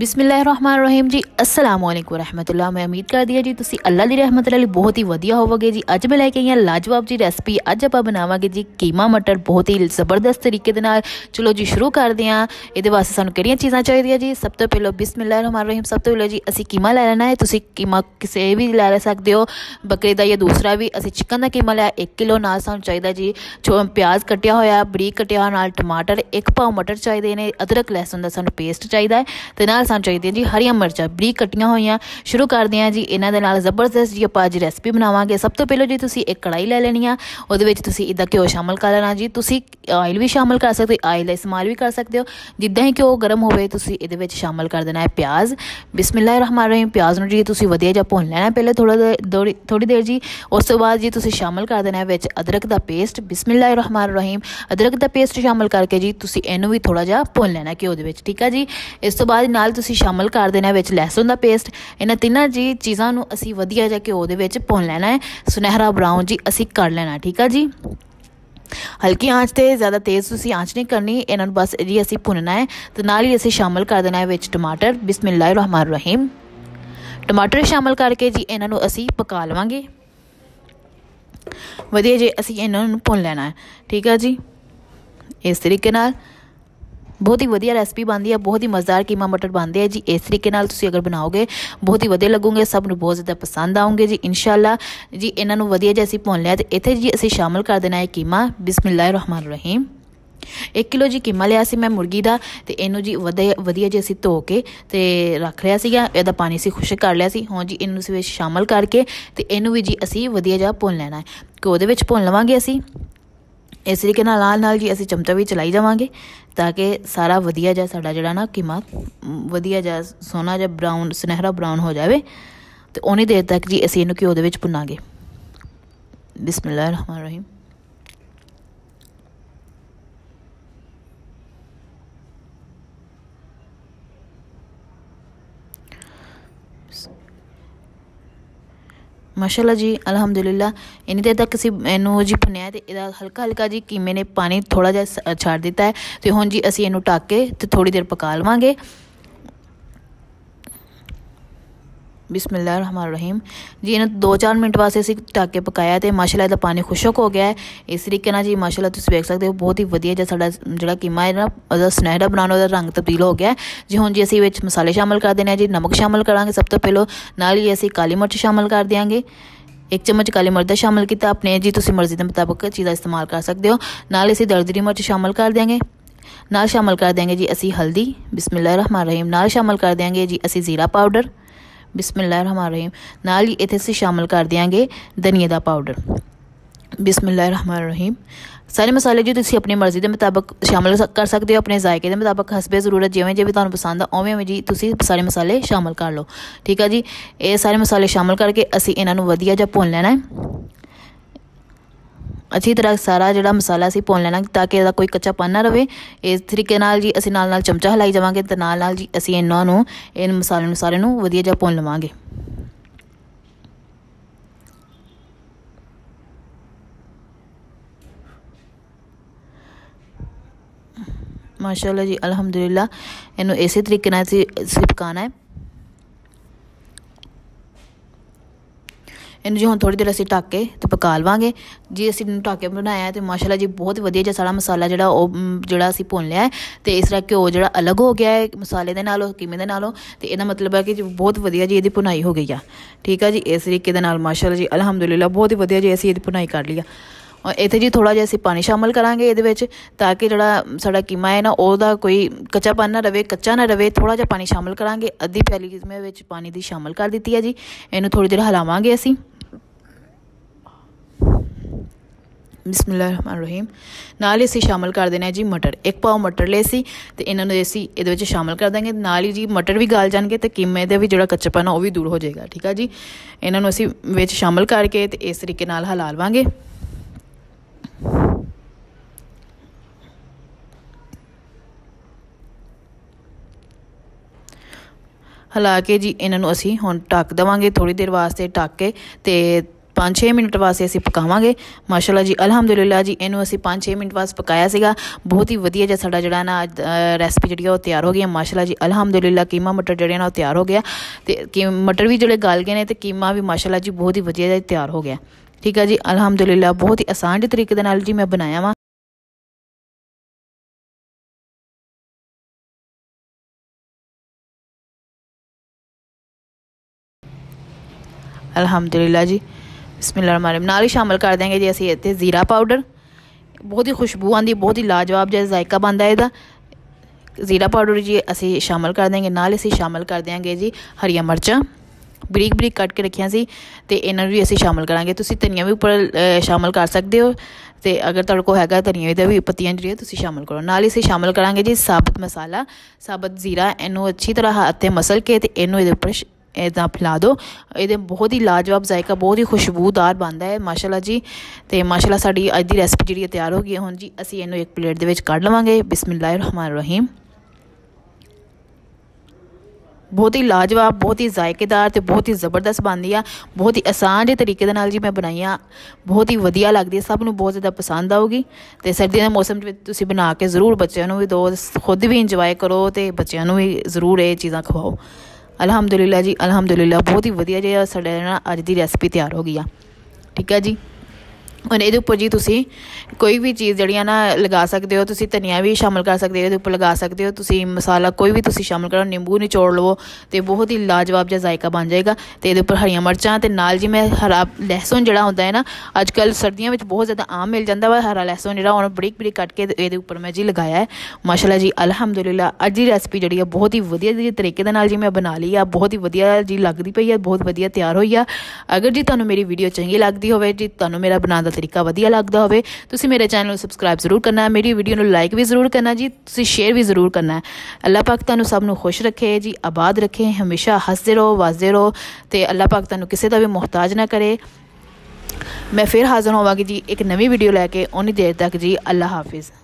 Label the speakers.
Speaker 1: ਬਿਸਮਿਲ੍ਲਾਹਿਰਰਹਿਮਾਨਿਰਰਹੀਮ ਜੀ ਅਸਲਾਮੁ ਅਲੈਕੁਮ ਰਹਿਮਤੁਲਲਾਹ ਮੈਂ ਉਮੀਦ ਕਰਦੀ ਹਾਂ ਜੀ ਤੁਸੀਂ ਅੱਲਾ ਦੀ ਰਹਿਮਤ ਨਾਲ ਬਹੁਤ ਹੀ ਵਧੀਆ ਹੋਵੋਗੇ ਜੀ ਅੱਜ ਮੈਂ ਲੈ ਕੇ ਆਈ ਹਾਂ ਲਾਜਵਾਬ ਜੀ ਰੈਸਪੀ ਅੱਜ ਆਪਾਂ ਬਣਾਵਾਂਗੇ ਜੀ ਕੀਮਾ ਮਟਰ ਬਹੁਤ ਹੀ ਜ਼ਬਰਦਸਤ ਤਰੀਕੇ ਦੇ ਨਾਲ ਚਲੋ ਜੀ ਸ਼ੁਰੂ ਕਰਦੇ ਹਾਂ ਇਹਦੇ ਵਾਸਤੇ ਸਾਨੂੰ ਕਿਹੜੀਆਂ ਚੀਜ਼ਾਂ ਚਾਹੀਦੀਆਂ ਜੀ ਸਭ ਤੋਂ ਪਹਿਲਾਂ ਬismillahirrahmanirrahim ਸਭ ਤੋਂ ਪਹਿਲਾਂ ਜੀ ਅਸੀਂ ਕੀਮਾ ਲੈ ਲੈਣਾ ਹੈ ਤੁਸੀਂ ਕੀਮਾ ਕਿਸੇ ਵੀ ਲੈ ਸਕਦੇ ਹੋ ਬੱਕਰੇ ਦਾ ਜਾਂ ਦੂਸਰਾ ਵੀ ਅਸੀਂ ਚਿਕਨ ਦਾ ਕੀਮਾ ਲਿਆ 1 ਕਿਲੋ ਨਾਲ ਸਾਨੂੰ ਚਾਹੀਦਾ ਜੀ ਛੋ ਪਿਆਜ਼ ਕੱਟਿਆ ਹੋਇਆ ਬਰੀਕ ਕੱਟਿਆ ਨਾਲ ਟਮਾਟਰ 1 ਪਾਉ ਮਟਰ ਚਾਹੀਦੇ ਨੇ ਅਦਰਕ ਲਹਿਸਨ ਦਾ ਸਾਨੂੰ ਪੇਸਟ ਚਾਹੀਦਾ ਹੈ ਤੇ ਨਾਲ ਨਾਲ ਸਾਨੂੰ ਚਾਹੀਦੀਆਂ ਜੀ ਹਰੀਆਂ ਮਿਰਚਾਂ ਬਰੀਕ ਕੱਟੀਆਂ ਹੋਈਆਂ ਸ਼ੁਰੂ ਕਰਦੇ ਹਾਂ ਜੀ ਇਹਨਾਂ ਦੇ ਨਾਲ ਜ਼ਬਰਦਸਤ ਜੀ ਆਪਾਂ ਅੱਜ ਰੈਸਪੀ ਬਣਾਵਾਂਗੇ ਸਭ ਤੋਂ ਪਹਿਲਾਂ ਜੀ ਤੁਸੀਂ ਇੱਕ ਕੜਾਈ ਲੈ ਲੈਣੀ ਆ ਉਹਦੇ ਵਿੱਚ ਤੁਸੀਂ ਇਦਾਂ ਘਿਓ ਸ਼ਾਮਲ ਕਰ ਲੈਣਾ ਜੀ ਤੁਸੀਂ ਆਇਲ ਵੀ ਸ਼ਾਮਲ ਕਰ ਸਕਦੇ ਹੋ ਆਇਲ ਦਾ ਇਸਤੇਮਾਲ ਵੀ ਕਰ ਸਕਦੇ ਹੋ ਜਿੱਦਾਂ ਹੀ ਘਿਓ ਗਰਮ ਹੋਵੇ ਤੁਸੀਂ ਇਹਦੇ ਵਿੱਚ ਸ਼ਾਮਲ ਕਰ ਦੇਣਾ ਹੈ ਪਿਆਜ਼ ਰਹੀਮ ਪਿਆਜ਼ ਨੂੰ ਜੀ ਤੁਸੀਂ ਵਧੀਆ ਜਿਹਾ ਭੁੰਨ ਲੈਣਾ ਪਹਿਲੇ ਥੋੜਾ ਥੋੜੀ ਦੇਰ ਜੀ ਉਸ ਤੋਂ ਬਾਅਦ ਜੀ ਤੁਸੀਂ ਸ਼ਾਮਲ ਕਰ ਦੇਣਾ ਹੈ ਵਿੱਚ ਅਦਰਕ ਦਾ ਪੇਸਟ ਰਹੀਮ ਅਦਰਕ ਦਾ ਪੇਸਟ ਸ਼ਾਮਲ ਕਰਕੇ ਜੀ ਤੁਸੀਂ ਇਹਨੂੰ ਵੀ ਥੋੜਾ ਜਿਹਾ ਭੁੰਨ ਲੈਣਾ ਘਿਓ ਦੇ ਵਿੱਚ ਠੀਕ ਆ ਜੀ ਇਸ ਤੋਂ ਬਾਅਦ ਨਾਲ ਨਾਲ ਤੁਸੀਂ ਸ਼ਾਮਲ ਕਰ ਦੇਣਾ ਵਿੱਚ ਲਹਿਸਨ ਦਾ ਪੇਸਟ ਇਹਨਾਂ ਤਿੰਨਾਂ ਜੀ ਚੀਜ਼ਾਂ ਨੂੰ ਅਸੀਂ ਵਧੀਆ ਜਿਹਾ ਘਿਓ ਦੇ ਵਿੱਚ ਭੁੰਨ ਲੈਣਾ ਹੈ ਸੁਨਹਿਰਾ ਬਰਾਊਨ ਜੀ ਅਸੀਂ ਕਰ ਲੈਣਾ ਠੀਕ ਆ ਜੀ ਹਲਕੀ ਆਂਚ ਤੇ ਜ਼ਿਆਦਾ ਤੇਜ਼ ਤੁਸੀਂ ਆਂਚ ਨਹੀਂ ਕਰਨੀ ਇਹਨਾਂ ਨੂੰ ਬਸ ਜੀ ਅਸੀਂ ਭੁੰਨਣਾ ਹੈ ਤੇ ਨਾਲ ਹੀ ਅਸੀਂ ਸ਼ਾਮਲ ਕਰ ਦੇਣਾ ਹੈ ਵਿੱਚ ਟਮਾਟਰ ਬਿਸਮਿਲ੍ਲਾਹਿਰ ਰਹਿਮਾਨ ਰਹੀਮ ਟਮਾਟਰ ਸ਼ਾਮਲ ਕਰਕੇ ਜੀ ਇਹਨਾਂ ਨੂੰ ਅਸੀਂ ਪਕਾ ਲਵਾਂਗੇ ਵਧੀਆ ਜੀ ਅਸੀਂ ਇਹਨਾਂ ਨੂੰ ਭੁੰਨ ਲੈਣਾ ਹੈ ਠੀਕ ਹੈ ਜੀ ਇਸ ਤਰੀਕੇ ਨਾਲ ਬਹੁਤ ਹੀ ਵਧੀਆ ਰੈਸਪੀ ਬਣਦੀ ਹੈ ਬਹੁਤ ਹੀ ਮਜ਼ੇਦਾਰ ਕੀਮਾ ਮਟਰ ਬਣਦੇ ਆ ਜੀ ਇਸ ਤਰੀਕੇ ਨਾਲ ਤੁਸੀਂ ਅਗਰ ਬਣਾਓਗੇ ਬਹੁਤ ਹੀ ਵਧੀਆ ਲੱਗੂਗੇ ਸਭ ਨੂੰ ਬਹੁਤ ਜ਼ਿਆਦਾ ਪਸੰਦ ਆਉਂਗੇ ਜੀ ਇਨਸ਼ਾਅੱਲਾ ਜੀ ਇਹਨਾਂ ਨੂੰ ਵਧੀਆ ਜਿਹਾ ਅਸੀਂ ਭੁੰਨ ਲਿਆ ਤੇ ਇੱਥੇ ਜੀ ਅਸੀਂ ਸ਼ਾਮਿਲ ਕਰ ਦੇਣਾ ਹੈ ਕੀਮਾ ਬਿਸਮਿਲ੍ਲਾਹਿਰ ਰਹਿਮਾਨ ਰਹੀਮ 1 ਕਿਲੋ ਜੀ ਕੀਮਾ ਲਿਆ ਸੀ ਮੈਂ ਮੁਰਗੀ ਦਾ ਤੇ ਇਹਨੂੰ ਜੀ ਵਧੀਆ ਜਿਹਾ ਅਸੀਂ ਧੋ ਕੇ ਤੇ ਰੱਖ ਲਿਆ ਸੀਗਾ ਇਹਦਾ ਪਾਣੀ ਸੀ ਖੁਸ਼ਕ ਕਰ ਲਿਆ ਸੀ ਹਾਂ ਜੀ ਇਹਨੂੰ ਸਵੇ ਸ਼ਾਮਿਲ ਕਰਕੇ ਤੇ ਇਹਨੂੰ ਵੀ ਜੀ ਅਸੀਂ ਵਧੀਆ ਜਿਹਾ ਭੁੰਨ ਲੈਣਾ ਹੈ ਕਿ ਉਹਦੇ ਵਿੱਚ ਭੁੰਨ ਲਵਾਂਗੇ ਅਸੀਂ ਇਸ ਤਰੀਕੇ ਨਾਲ ਨਾਲ ਨਾਲ ਜੀ ਅਸੀਂ ਚਮਚਾ ਵੀ ਚਲਾਈ ਜਾਵਾਂਗੇ ਤਾਂ ਕਿ ਸਾਰਾ ਵਧੀਆ ਜਾ ਸਾਡਾ ਜਿਹੜਾ ਨਾ ਕੀਮਾ ਵਧੀਆ ਜਾ ਸੋਨਾ ਜਿਹਾ ਬ੍ਰਾਊਨ ਸੁਨਹਿਰਾ ਬ੍ਰਾਊਨ ਹੋ ਜਾਵੇ ਤੇ ਉਹਨੇ ਦੇਰ ਤੱਕ ਜੀ ਅਸੀਂ ਇਹਨੂੰ ਘਿਓ ਦੇ ਵਿੱਚ ਭੁੰਨਾਂਗੇ ਬਿਸਮਿਲ੍ਲਾਹਿਰ ਰਹਿਮਾਨ ਰਹੀਮ Peace. ਮਾਸ਼ਾਅੱਲਾ ਜੀ ਅਲਹਮਦੁਲਿਲਾ ਇਨੀ ਦੇਰ ਤੱਕ ਅਸੀਂ ਇਹਨੂੰ ਜੀ ਭੁੰਨਿਆ ਤੇ ਇਹਦਾ ਹਲਕਾ ਹਲਕਾ ਜੀ ਕੀਮੇ ਨੇ ਪਾਣੀ ਥੋੜਾ ਜਿਹਾ ਛੱਡ ਦਿੱਤਾ ਹੈ ਤੇ ਹੁਣ ਜੀ ਅਸੀਂ ਇਹਨੂੰ ਟਾਕੇ ਤੇ ਥੋੜੀ ਦੇਰ ਪਕਾ ਲਵਾਂਗੇ ਰਹੀਮ ਜੀ ਇਹਨਾਂ ਦੋ ਚਾਰ ਮਿੰਟ ਵਾਸਤੇ ਅਸੀਂ ਢੱਕ ਕੇ ਪਕਾਇਆ ਤੇ ਮਾਸ਼ਾਅੱਲਾ ਇਹਦਾ ਪਾਣੀ ਖੁਸ਼ਕ ਹੋ ਗਿਆ ਹੈ ਇਸ ਤਰੀਕੇ ਨਾਲ ਜੀ ਮਾਸ਼ਾਅੱਲਾ ਤੁਸੀਂ ਵੇਖ ਸਕਦੇ ਹੋ ਬਹੁਤ ਹੀ ਵਧੀਆ ਜਿਹਾ ਸਾਡਾ ਜਿਹੜਾ ਕੀਮਾ ਹੈ ਨਾ ਉਹਦਾ ਸੁਨਹਿਰਾ ਬਣਾਉਣ ਦਾ ਰੰਗ ਤਬਦੀਲ ਹੋ ਗਿਆ ਜੀ ਹੁਣ ਜੀ ਅਸੀਂ ਵਿੱਚ ਮਸਾਲੇ ਸ਼ਾਮਲ ਕਰ ਦੇਣੇ ਆ ਜੀ ਨਮਕ ਸ਼ਾਮਲ ਕਰਾਂਗੇ ਸਭ ਤੋਂ ਪਹਿਲਾਂ ਨਾਲ ਹੀ ਅਸੀਂ ਕਾਲੀ ਮਿਰਚ ਸ਼ਾਮਲ ਕਰ ਦਿਆਂਗੇ ਇੱਕ ਚਮਚ ਕਾਲੀ ਮਿਰਚ ਦਾ ਸ਼ਾਮਲ ਕੀਤਾ ਆਪਣੇ ਜੀ ਤੁਸੀਂ ਮਰਜ਼ੀ ਦੇ ਮੁਤਾਬਕ ਚੀਜ਼ਾਂ ਇਸਤੇਮਾਲ ਕਰ ਸਕਦੇ ਹੋ ਨਾਲ ਅਸੀਂ ਦਰਦਰੀ ਮਿਰਚ ਸ਼ਾਮਲ ਕਰ ਦਿਆਂਗੇ ਨਾਲ ਸ਼ਾਮਲ ਕਰ ਦਿਆਂਗੇ ਜੀ ਅਸੀਂ ਹਲਦੀ ਬਿਸਮਿਲ੍ਲਾਹਿਰ ਰਹੀਮ ਨਾਲ ਸ਼ਾਮਲ ਕਰ ਦਿਆਂਗੇ ਜੀ ਅਸੀਂ ਜ਼ੀਰਾ ਪਾਊਡਰ ਬਿਸਮਿਲ੍ਲਾਹਿਰਰਹਿਮਾਨਿਰਰਹੀਮ ਨਾਲ ਹੀ ਇਥੇ ਸੇ ਸ਼ਾਮਲ ਕਰ ਦਿਆਂਗੇ ਧਨੀਏ ਦਾ ਪਾਊਡਰ ਬਿਸਮਿਲ੍ਲਾਹਿਰਰਹਿਮਾਨਿਰਰਹੀਮ ਸਾਰੇ ਮਸਾਲੇ ਜੀ ਤੁਸੀਂ ਆਪਣੀ ਮਰਜ਼ੀ ਦੇ ਮੁਤਾਬਕ ਸ਼ਾਮਲ ਕਰ ਸਕਦੇ ਹੋ ਆਪਣੇ ਜ਼ਾਇਕੇ ਦੇ ਮੁਤਾਬਕ ਹਸਬੇ ਜ਼ਰੂਰਤ ਜਿਵੇਂ ਜਿਵੇਂ ਤੁਹਾਨੂੰ ਪਸੰਦ ਆ ਉਵੇਂ ਉਵੇਂ ਜੀ ਤੁਸੀਂ ਸਾਰੇ ਮਸਾਲੇ ਸ਼ਾਮਲ ਕਰ ਲਓ ਠੀਕ ਆ ਜੀ ਇਹ ਸਾਰੇ ਮਸਾਲੇ ਸ਼ਾਮਲ ਕਰਕੇ ਅਸੀਂ ਇਹਨਾਂ ਨੂੰ ਵਧੀਆ ਜਿਹਾ ਭੁੰਨ ਲੈਣਾ ਹੈ ਅੱਛੀ ਤਰ੍ਹਾਂ ਸਾਰਾ ਜਿਹੜਾ ਮਸਾਲਾ ਸੀ ਭੁੰਨ ਲੈਣਾ ਤਾਂ ਕਿ ਇਹਦਾ ਕੋਈ ਕੱਚਾਪਨ ਨਾ ਰਵੇ ਇਸ ਤਰੀਕੇ ਨਾਲ ਜੀ ਅਸੀਂ ਨਾਲ ਨਾਲ ਚਮਚਾ ਹਲਾਈ ਜਾਵਾਂਗੇ ਤੇ ਨਾਲ ਨਾਲ ਜੀ ਅਸੀਂ ਇਹਨਾਂ ਨੂੰ ਇਹ ਮਸਾਲੇ ਨੂੰ ਸਾਰੇ ਨੂੰ ਵਧੀਆ ਜਿਹਾ ਭੁੰਨ ਲਵਾਂਗੇ ਮਾਸ਼ਾਅੱਲਾ ਜੀ ਅਲਹਮਦੁਲਿਲਾ ਇਹਨੂੰ ਇਸੇ ਤਰੀਕੇ ਨਾਲ ਅਸੀਂ ਸਿਪਕਾਣਾ ਹੈ ਇਹਨੂੰ ਜੀ ਹੁਣ ਥੋੜੀ ਦੇਰ ਅਸੀਂ ਢੱਕ ਕੇ ਤੇ ਪਕਾ ਲਵਾਂਗੇ ਜੀ ਅਸੀਂ ਇਹਨੂੰ ਢੱਕ ਕੇ ਬਣਾਇਆ ਤੇ ਮਾਸ਼ਾਅੱਲਾ ਜੀ ਬਹੁਤ ਵਧੀਆ ਜਿਹਾ ਸਾਰਾ ਮਸਾਲਾ ਜਿਹੜਾ ਉਹ ਜਿਹੜਾ ਅਸੀਂ ਭੁੰਨ ਲਿਆ ਤੇ ਇਸ ਤਰ੍ਹਾਂ ਘਿਓ ਜਿਹੜਾ ਅਲੱਗ ਹੋ ਗਿਆ ਹੈ ਮਸਾਲੇ ਦੇ ਨਾਲੋਂ ਕੀਮੇ ਦੇ ਨਾਲੋਂ ਤੇ ਇਹਦਾ ਮਤਲਬ ਹੈ ਕਿ ਬਹੁਤ ਵਧੀਆ ਜੀ ਇਹਦੀ ਭੁਨਾਈ ਹੋ ਗਈ ਆ ਠੀਕ ਆ ਜੀ ਇਸ ਤਰੀਕੇ ਦੇ ਨਾਲ ਮਾਸ਼ਾਅੱਲਾ ਜੀ ਅਲਹਮਦੁਲਿਲਾ ਬਹੁਤ ਹੀ ਵਧੀਆ ਜੀ ਅਸੀਂ ਇਹਦੀ ਭੁਨਾਈ ਕਰ ਲਈ ਆ ਇੱਥੇ ਜੀ ਥੋੜਾ ਜਿਹਾ ਅਸੀਂ ਪਾਣੀ ਸ਼ਾਮਲ ਕਰਾਂਗੇ ਇਹਦੇ ਵਿੱਚ ਤਾਂ ਕਿ ਜਿਹੜਾ ਸਾਡਾ ਕੀਮਾ ਹੈ ਨਾ ਉਹਦਾ ਕੋਈ ਕੱਚਾਪਨ ਨਾ ਰਵੇ ਕੱਚਾ ਨਾ ਰਵੇ ਥੋੜਾ ਜਿਹਾ ਪਾਣੀ ਸ਼ਾਮਲ ਕਰਾਂਗੇ ਅੱਧੀ ਪਿਆਲੀ ਜਿਸ ਵਿੱਚ ਪਾਣੀ ਦੀ ਸ਼ਾਮਲ ਕਰ ਦਿੱਤੀ ਹੈ ਜੀ ਇਹਨੂੰ ਥੋੜੀ ਦੇਰ ਹਲਾਵਾਂਗੇ ਅਸੀਂ ਬਿਸਮਿਲ੍ਲਾਹਿਰਰਹਿਮ ਨਾਲ ਹੀ ਅਸੀਂ ਸ਼ਾਮਲ ਕਰ ਦੇਣਾ ਜੀ ਮਟਰ ਇੱਕ ਪਾਉ ਮਟਰ ਲਏ ਸੀ ਤੇ ਇਹਨਾਂ ਨੂੰ ਅਸੀਂ ਇਹਦੇ ਵਿੱਚ ਸ਼ਾਮਲ ਕਰ ਦਾਂਗੇ ਨਾਲ ਹੀ ਜੀ ਮਟਰ ਵੀ ਗਲ ਜਾਣਗੇ ਤੇ ਕਿਮੇ ਦੇ ਵੀ ਜਿਹੜਾ ਕੱਚਾਪਨ ਉਹ ਵੀ ਦੂਰ ਹੋ ਜਾਏਗਾ ਠੀਕ ਆ ਜੀ ਇਹਨਾਂ ਨੂੰ ਅਸੀਂ ਵਿੱਚ ਸ਼ਾਮਲ ਕਰਕੇ ਤੇ ਇਸ ਤਰੀਕੇ ਨਾਲ ਹਲਾ ਲਵਾਂਗੇ ਹਲਾ ਕੇ ਜੀ ਇਹਨਾਂ ਨੂੰ ਅਸੀਂ ਹੁਣ ਟੱਕ ਦਵਾਂਗੇ ਥੋੜੀ ਦੇਰ ਵਾਸਤੇ ਟੱਕ ਕੇ ਤੇ पाँच छः मिनट वास्ते असं पकावे माशाला जी अलहमदुल्ला जी इन असी पाँच छः मिनट वास्ते पकया बहुत ही वजिए जहाँ सा जरा रैसपी जी तैयार हो गई माशाला जी अलहमदुल्ला कीमा मटर जोड़े जो तैयार हो गया तो की मटर भी जो गल गए हैं तो कीमा भी माशाला जी बहुत ही वजिए तैयार हो गया ठीक है जी अलहमदुल्ला बहुत ही आसान जी तरीके जी मैं बनाया वा अलहमदुल्ला जी ਬਿਸਮਿਲ੍ਲਾਹਿਰਰahmanirrahim ਨਾਲ ਹੀ ਸ਼ਾਮਲ ਕਰ ਦਿਆਂਗੇ ਜੀ ਅਸੀਂ ਇੱਥੇ ਜ਼ੀਰਾ ਪਾਊਡਰ ਬਹੁਤ ਹੀ ਖੁਸ਼ਬੂ ਆਂਦੀ ਬਹੁਤ ਹੀ ਲਾਜਵਾਬ ਜਿਹਾ ਜ਼ਾਇਕਾ ਬੰਦਾ ਇਹਦਾ ਜ਼ੀਰਾ ਪਾਊਡਰ ਜੀ ਅਸੀਂ ਸ਼ਾਮਲ ਕਰ ਦਿਆਂਗੇ ਨਾਲ ਅਸੀਂ ਸ਼ਾਮਲ ਕਰ ਦਿਆਂਗੇ ਜੀ ਹਰੀਆਂ ਮਿਰਚਾਂ ਬਰੀਕ ਬਰੀਕ ਕੱਟ ਕੇ ਰੱਖਿਆ ਸੀ ਤੇ ਇਹਨਾਂ ਨੂੰ ਵੀ ਅਸੀਂ ਸ਼ਾਮਲ ਕਰਾਂਗੇ ਤੁਸੀਂ ਧਨੀਆ ਵੀ ਉੱਪਰ ਸ਼ਾਮਲ ਕਰ ਸਕਦੇ ਹੋ ਤੇ ਅਗਰ ਤੁਹਾਡੇ ਕੋਲ ਹੈਗਾ ਧਨੀਆ ਦੇ ਵੀ ਪੱਤੀਆਂ ਜਿਹੜੀਆਂ ਤੁਸੀਂ ਸ਼ਾਮਲ ਕਰੋ ਨਾਲ ਹੀ ਅਸੀਂ ਸ਼ਾਮਲ ਕਰਾਂਗੇ ਜੀ ਸਾਬਤ ਮਸਾਲਾ ਸਾਬਤ ਜ਼ੀਰਾ ਇਹਨੂੰ ਅੱਛੀ ਤਰ੍ਹਾਂ ਹੱਥੇ ਮਸਲ ਕੇ ਤੇ ਇਹਨੂੰ ਇਹਦੇ ਉੱਪਰ ਇਦਾਂ ਪਿਲਾ ਦੋ ਇਹਦੇ ਬਹੁਤ ਹੀ ਲਾਜਵਾਬ ਜ਼ਾਇਕਾ ਬਹੁਤ ਹੀ ਖੁਸ਼ਬੂਦਾਰ ਬਣਦਾ ਹੈ ਮਾਸ਼ਾਅੱਲਾ ਜੀ ਤੇ ਮਾਸ਼ਾਅੱਲਾ ਸਾਡੀ ਅੱਜ ਦੀ ਰੈਸਪੀ ਜਿਹੜੀ ਤਿਆਰ ਹੋ ਗਈ ਹੈ ਹੁਣ ਜੀ ਅਸੀਂ ਇਹਨੂੰ ਇੱਕ ਪਲੇਟ ਦੇ ਵਿੱਚ ਕੱਢ ਲਵਾਂਗੇ ਬਿਸਮਿਲ੍ਲਾਹਿਰ ਰਹਿਮਾਨਿਰ ਰਹੀਮ ਬਹੁਤ ਹੀ ਲਾਜਵਾਬ ਬਹੁਤ ਹੀ ਜ਼ਾਇਕੇਦਾਰ ਤੇ ਬਹੁਤ ਹੀ ਜ਼ਬਰਦਸਤ ਬਣਦੀ ਆ ਬਹੁਤ ਹੀ ਆਸਾਨ ਜਿਹੇ ਤਰੀਕੇ ਦੇ ਨਾਲ ਜੀ ਮੈਂ ਬਣਾਈਆਂ ਬਹੁਤ ਹੀ ਵਧੀਆ ਲੱਗਦੀ ਹੈ ਸਭ ਨੂੰ ਬਹੁਤ ਜ਼ਿਆਦਾ ਪਸੰਦ ਆਊਗੀ ਤੇ ਸਰਦੀਆਂ ਦੇ ਮੌਸਮ ਵਿੱਚ ਤੁਸੀਂ ਬਣਾ ਕੇ ਜ਼ਰੂਰ ਬੱਚਿਆਂ ਨੂੰ ਵੀ ਦੋ ਖੁਦ ਵੀ ਇੰਜੋਏ ਕਰੋ ਤੇ ਬੱਚਿਆਂ ਨੂੰ ਵੀ ਜ਼ਰੂਰ ਇਹ ਚੀਜ਼ਾਂ ਖਵਾਓ ਅਲਹਮਦੁਲਿਲਾ ਜੀ ਅਲਹਮਦੁਲਿਲਾ ਬਹੁਤ ਹੀ ਵਧੀਆ ਜਿਹਾ ਸਾਡਾ ਜਿਹੜਾ ਅੱਜ ਦੀ ਰੈਸਪੀ ਤਿਆਰ ਹੋ ਗਈ ਆ ਠੀਕ ਹੈ ਜੀ ਉਹਨੇ ਇਹਦੇ ਉੱਪਰ ਜੀ ਤੁਸੀਂ ਕੋਈ ਵੀ ਚੀਜ਼ ਜਿਹੜੀਆਂ ਨਾ ਲਗਾ ਸਕਦੇ ਹੋ ਤੁਸੀਂ ਧਨੀਆ ਵੀ ਸ਼ਾਮਲ ਕਰ ਸਕਦੇ ਹੋ ਇਹਦੇ ਉੱਪਰ ਲਗਾ ਸਕਦੇ ਹੋ ਤੁਸੀਂ ਮਸਾਲਾ ਕੋਈ ਵੀ ਤੁਸੀਂ ਸ਼ਾਮਲ ਕਰੋ ਨਿੰਬੂ ਨਿਚੋੜ ਲਵੋ ਤੇ ਬਹੁਤ ਹੀ ਲਾਜਵਾਬ ਜਿਹਾ ਜ਼ਾਇਕਾ ਬਣ ਜਾਏਗਾ ਤੇ ਇਹਦੇ ਉੱਪਰ ਹਰੀਆਂ ਮਿਰਚਾਂ ਤੇ ਨਾਲ ਜੀ ਮੈਂ ਹਰਾ ਲਹਿਸਨ ਜਿਹੜਾ ਹੁੰਦਾ ਹੈ ਨਾ ਅੱਜ ਕੱਲ ਸਰਦੀਆਂ ਵਿੱਚ ਬਹੁਤ ਜ਼ਿਆਦਾ ਆਮ ਮਿਲ ਜਾਂਦਾ ਵਾ ਹਰਾ ਲਹਿਸਨ ਜਿਹੜਾ ਉਹਨੂੰ ਬਰੀਕ ਬਰੀਕ ਕੱਟ ਕੇ ਇਹਦੇ ਉੱਪਰ ਮੈਂ ਜੀ ਲਗਾਇਆ ਹੈ ਮਾਸ਼ਾਅੱਲਾ ਜੀ ਅਲਹਮਦੁਲਿਲਾ ਅੱਜ ਦੀ ਰੈਸਪੀ ਜਿਹੜੀ ਹੈ ਬਹੁਤ ਹੀ ਵਧੀਆ ਜਿਹੇ ਤਰੀਕੇ ਦੇ ਨਾਲ ਜੀ ਮੈਂ ਬਣਾ ਲਈ ਆ ਬਹੁਤ ਹੀ ਵਧੀਆ ਜੀ ਲੱਗਦੀ ਪਈ ਆ ਬਹੁਤ ਵਧੀਆ ਤਿਆਰ ਹੋਈ ਆ ਅਗਰ ਜੀ ਤੁਹਾਨੂੰ ਮੇਰੀ ਵੀਡੀਓ ਚੰਗੀ ਲੱਗਦੀ ਹੋਵੇ ਜੀ ਤੁਹਾਨੂੰ ਮੇਰਾ ਬਣਾਉਣ ਤਰੀਕਾ ਵਧੀਆ ਲੱਗਦਾ ਹੋਵੇ ਤੁਸੀਂ ਮੇਰੇ ਚੈਨਲ ਨੂੰ ਸਬਸਕ੍ਰਾਈਬ ਜ਼ਰੂਰ ਕਰਨਾ ਮੇਰੀ ਵੀਡੀਓ ਨੂੰ ਲਾਈਕ ਵੀ ਜ਼ਰੂਰ ਕਰਨਾ ਜੀ ਤੁਸੀਂ ਸ਼ੇਅਰ ਵੀ ਜ਼ਰੂਰ ਕਰਨਾ ਅੱਲਾਹ ਪਾਕ ਤੁਹਾਨੂੰ ਸਭ ਨੂੰ ਖੁਸ਼ ਰੱਖੇ ਜੀ ਆਬਾਦ ਰੱਖੇ ਹਮੇਸ਼ਾ ਹੱਸਦੇ ਰਹੋ ਵਾਜ਼ਦੇ ਰਹੋ ਤੇ ਅੱਲਾਹ ਪਾਕ ਤੁਹਾਨੂੰ ਕਿਸੇ ਦਾ ਵੀ ਮੁਹਤਾਜ ਨਾ ਕਰੇ ਮੈਂ ਫਿਰ ਹਾਜ਼ਰ ਹੋਵਾਂਗੀ ਜੀ ਇੱਕ ਨਵੀਂ ਵੀਡੀਓ ਲੈ ਕੇ ਉਨੀ ਦੇਰ ਤੱਕ ਜੀ ਅੱਲਾਹ ਹਾਫਿਜ਼